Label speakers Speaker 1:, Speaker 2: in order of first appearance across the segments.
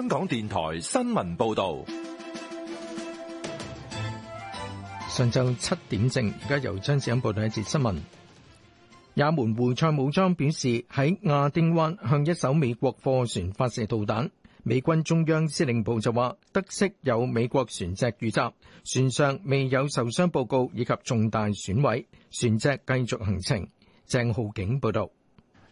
Speaker 1: 香港電
Speaker 2: 台新聞報道，
Speaker 1: 上晝七點正，而家由張子欣報道一節新聞。也門胡塞武裝表示喺亞丁灣向一艘美國貨船發射導彈，美軍中央司令部就話得悉有美國船隻遇襲，船上未有受傷報
Speaker 3: 告以及重大損毀，船隻繼續行程。鄭浩景報道。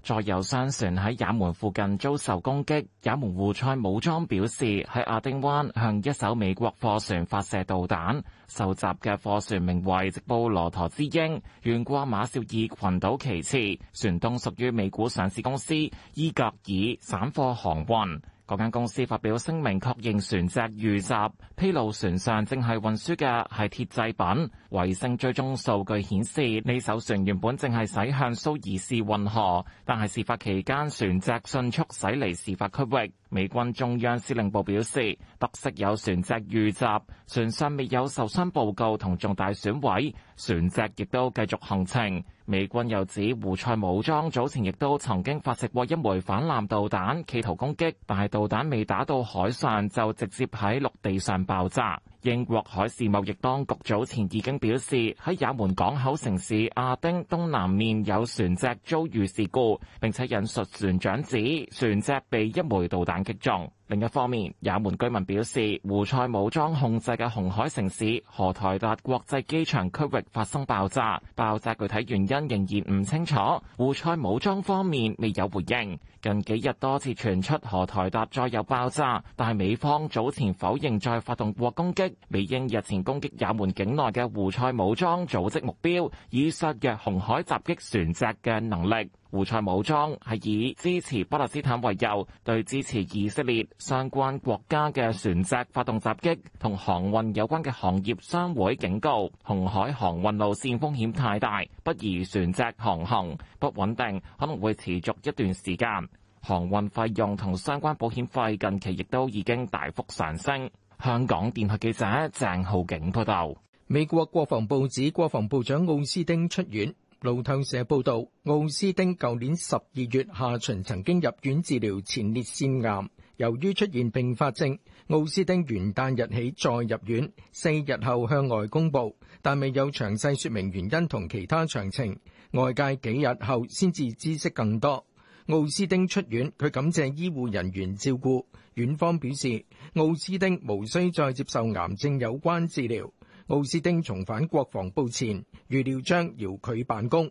Speaker 3: 再有商船喺也門附近遭受攻擊，也門胡塞武裝表示喺亞丁灣向一艘美國貨船發射導彈，受襲嘅貨船名為「直布羅陀之鷹」，懸掛馬紹爾群島旗幟，船東屬於美股上市公司伊格爾散貨航運。嗰間公司發表聲明確認船隻遇襲，披露船上正係運輸嘅係鐵製品。衛星追蹤數據顯示，呢艘船原本正係駛向蘇伊士運河，但係事發期間船隻迅速駛離事發區域。美軍中央司令部表示，得悉有船隻遇襲，船上未有受傷報告同重大損毀。船隻亦都繼續行程。美軍又指胡塞武裝早前亦都曾經發射過一枚反艦導彈，企圖攻擊，但係導彈未打到海上就直接喺陸地上爆炸。英國海事貿易當局早前已經表示喺也門港口城市亞丁東南面有船隻遭遇事故，並且引述船長指船隻被一枚導彈擊中。另一方面，也門居民表示，胡塞武裝控制嘅紅海城市荷台達國際機場區域發生爆炸，爆炸具體原因仍然唔清楚。胡塞武裝方面未有回應。近幾日多次傳出荷台達再有爆炸，但係美方早前否認再發動過攻擊，美英日前攻擊也門境內嘅胡塞武裝組織目標，以削弱紅海襲擊船隻嘅能力。胡塞武裝係以支持巴勒斯坦為由，對支持以色列相關國家嘅船隻發動襲擊，同航運有關嘅行業商會警告，紅海航運路線風險太大，不宜船隻航行，不穩定可能會持續一段時間。航運費用同相關保險費近期亦都已經大幅上升。香港電台記者鄭浩景報道。美國國防部
Speaker 1: 指國防部長奧斯丁出院。路透社報道，奧斯汀舊年十二月下旬曾經入院治療前列腺癌，由於出現併發症，奧斯汀元旦日起再入院，四日後向外公布，但未有詳細說明原因同其他詳情。外界幾日後先至知悉更多。奧斯汀出院，佢感謝醫護人員照顧。院方表示，奧斯汀無需再接受癌症有關治療。奧斯汀重返國防部前，預料將遙距辦公。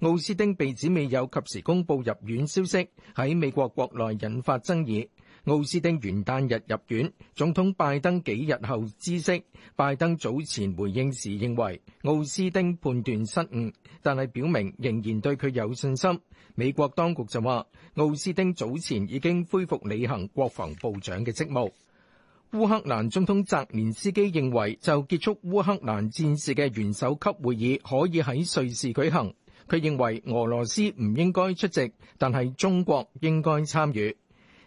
Speaker 1: 奧斯汀被指未有及時公布入院消息，喺美國國內引發爭議。奧斯汀元旦日入院，總統拜登幾日後知悉，拜登早前回應時認為奧斯汀判斷失誤，但係表明仍然對佢有信心。美國當局就話，奧斯汀早前已經恢復履行國防部長嘅職務。烏克蘭總統澤連斯基認為，就結束烏克蘭戰事嘅元首級會議可以喺瑞士舉行。佢認為俄羅斯唔應該出席，但係中國應該參與。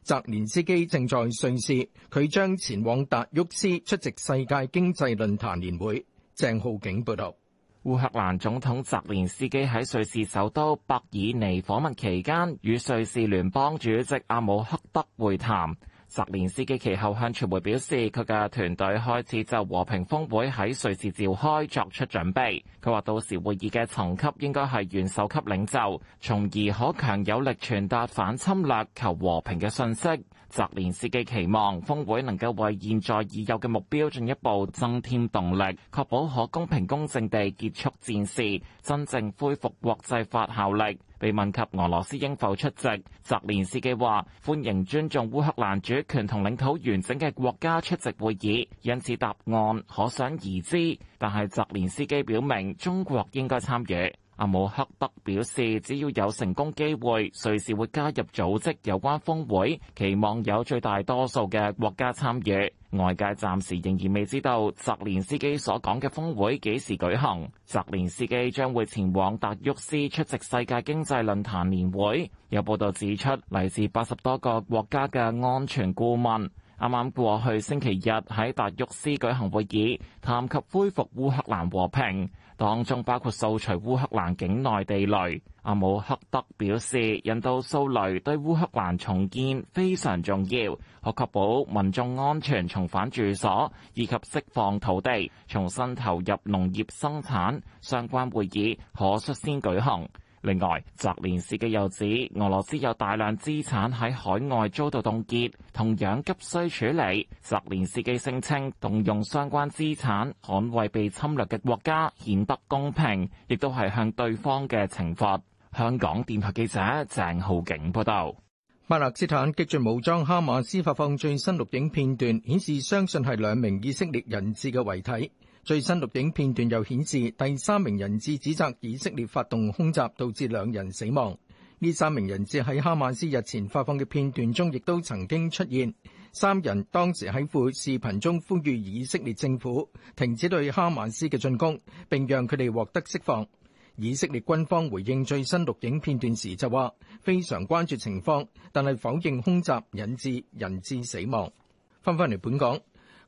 Speaker 1: 澤連斯基正在瑞士，佢將前往達沃斯出席世界經濟論壇年會。鄭浩景報
Speaker 3: 道。烏克蘭總統澤連斯基喺瑞士首都伯爾尼訪問期間，與瑞士聯邦主席阿姆克德會談。澤連斯基其後向傳媒表示，佢嘅團隊開始就和平峰會喺瑞士召開作出準備。佢話到時會議嘅層級應該係元首級領袖，從而可強有力傳達反侵略、求和平嘅信息。澤連斯基期望峰會能夠為現在已有嘅目標進一步增添動力，確保可公平公正地結束戰事，真正恢復國際法效力。被問及俄羅斯應否出席，澤連斯基話歡迎尊重烏克蘭主權同領土完整嘅國家出席會議，因此答案可想而知。但係澤連斯基表明中國應該參與。阿姆克德表示，只要有成功機會，隨時會加入組織有關峰會，期望有最大多數嘅國家參與。外界暫時仍然未知道澤連斯基所講嘅峰會幾時舉行。澤連斯基將會前往達沃斯出席世界經濟論壇年會。有報道指出，嚟自八十多個國家嘅安全顧問啱啱過去星期日喺達沃斯舉行會議，談及恢復烏克蘭和平。當中包括掃除烏克蘭境內地雷。阿姆克德表示，引導掃雷對烏克蘭重建非常重要，可確保民眾安全重返住所，以及釋放土地重新投入農業生產。相關會議可率先舉行。另外，澤連斯基又指，俄羅斯有大量資產喺海外遭到凍結，同樣急需處理。澤連斯基聲稱動用相關資產捍衛被侵略嘅國家顯得公平，亦都係向對方嘅懲罰。香港電台記者鄭浩景報道。巴勒斯坦激進武裝哈馬斯發放最新錄影
Speaker 1: 片段，顯示相信係兩名以色列人質嘅遺體。最新錄影片段又顯示，第三名人質指責以色列發動空襲，導致兩人死亡。呢三名人質喺哈馬斯日前發放嘅片段中，亦都曾經出現。三人當時喺副視頻中呼籲以色列政府停止對哈馬斯嘅進攻，並讓佢哋獲得釋放。以色列軍方回應最新錄影片段時就話：非常關注情況，但係否認空襲引致人質死亡。翻返嚟本港。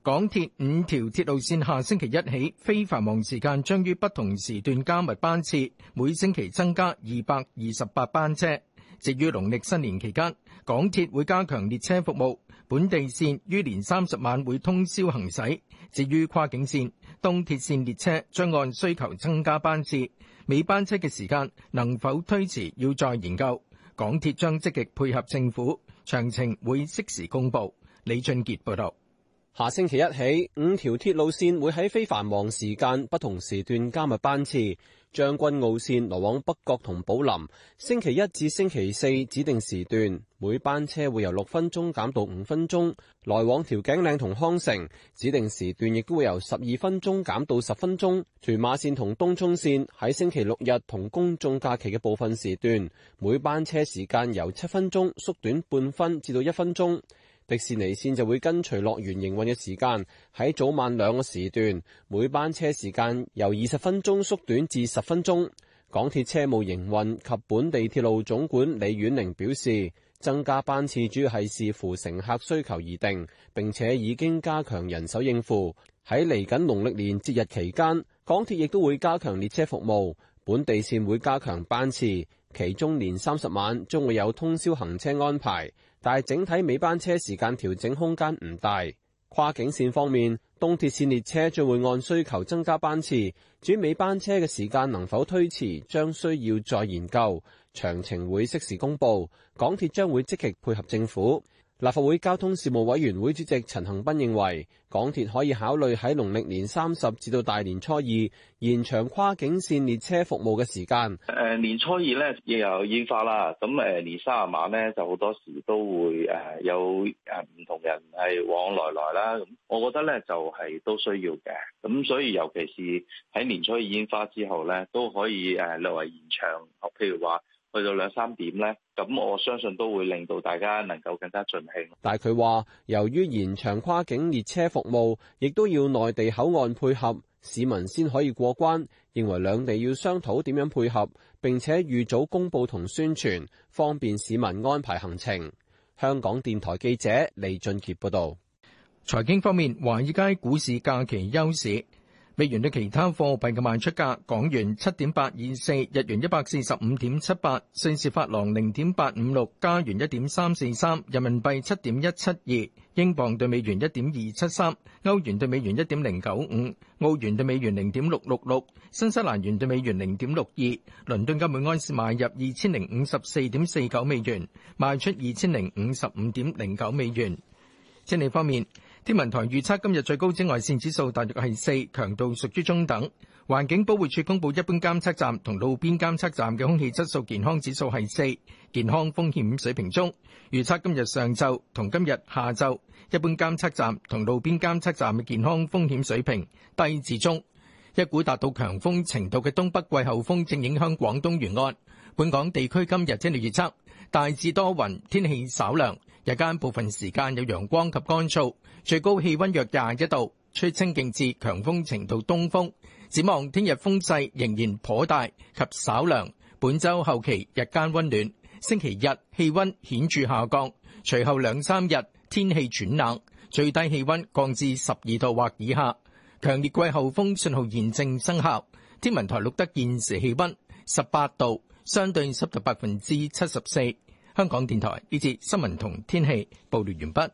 Speaker 1: 港鐵五條鐵路線下星期一起，非繁忙時間將於不同時段加密班次，每星期增加二百二十八班車。至於農曆新年期間，港鐵會加強列車服務，本地線於年三十晚會通宵行駛。至於跨境線，東鐵線列車將按需求增加班次，尾班車嘅時間能否推遲要再研究。港鐵將積極配合政府，詳情會即時公布。李俊傑報道。
Speaker 2: 下星期一起，五條鐵路線會喺非繁忙時間不同時段加密班次。將軍澳線來往北角同寶林，星期一至星期四指定時段，每班車會由六分鐘減到五分鐘；來往調景嶺同康城指定時段亦都會由十二分鐘減到十分鐘。屯馬線同東涌線喺星期六日同公眾假期嘅部分時段，每班車時間由七分鐘縮短半分至到一分鐘。迪士尼線就會跟隨樂園營運嘅時間，喺早晚兩個時段，每班車時間由二十分鐘縮短至十分鐘。港鐵車務營運及本地鐵路總管李婉玲表示，增加班次主要係視乎乘客需求而定，並且已經加強人手應付。喺嚟緊農曆年節日期間，港鐵亦都會加強列車服務，本地線會加強班次，其中年三十晚將會有通宵行車安排。但係整體尾班車時間調整空間唔大。跨境線方面，東鐵線列車將會按需求增加班次，轉尾班車嘅時間能否推遲，將需要再研究，詳情會適時公布。港鐵將會積極配合政府。立法會交通事務委員會主席陳恆鑌認為，港鐵可以考慮喺農曆年三十至到大年初二延長跨境線列車服務嘅時間。
Speaker 1: 誒，年初二咧又有煙花啦，咁誒年卅晚咧就好多時都會誒有誒唔同人係往來來啦。咁我覺得咧就係都需要嘅，咁所以尤其是喺年初二煙花之後咧都可以誒略為延長，譬如話。去到兩三點呢，
Speaker 3: 咁我相信都會令到大家能夠更加盡興，
Speaker 2: 但係佢話由於延長跨境列車服務亦都要內地口岸配合，市民先可以過關，認為兩地要商討點樣配合，並且預早公布同宣傳，方便市民安排行程。香港電台記者李俊傑報道。
Speaker 1: 財經方面，華爾街股市假期休市。美元對其他貨幣嘅賣出價：港元七點八二四，日元一百四十五點七八，瑞士法郎零點八五六，加元一點三四三，人民幣七點一七二，英鎊對美元一點二七三，歐元對美元一點零九五，澳元對美元零點六六六，新西蘭元對美元零點六二。倫敦金每安士買入二千零五十四點四九美元，賣出二千零五十五點零九美元。息率方面。天文台預測今日最高紫外線指數大約係四，強度屬於中等。環境保護署公布一般監測站同路邊監測站嘅空氣質素健康指數係四，健康風險水平中。預測今日上晝同今日下晝，一般監測站同路邊監測站嘅健康風險水平低至中。一股達到強風程度嘅東北季候風正影響廣東沿岸，本港地區今日天氣預測大致多雲，天氣稍涼。日間部分時間有陽光及乾燥，最高氣温約廿一度，吹清勁至強風程度東風。展望聽日風勢仍然頗大及稍涼，本周後期日間温暖，星期日氣温顯著下降，隨後兩三日天氣轉冷，最低氣温降至十二度或以下。強烈季候風信號現正生效，天文台錄得現時氣温十八度，相對濕度百分之七十四。香港電台呢節新聞同天氣報道完畢。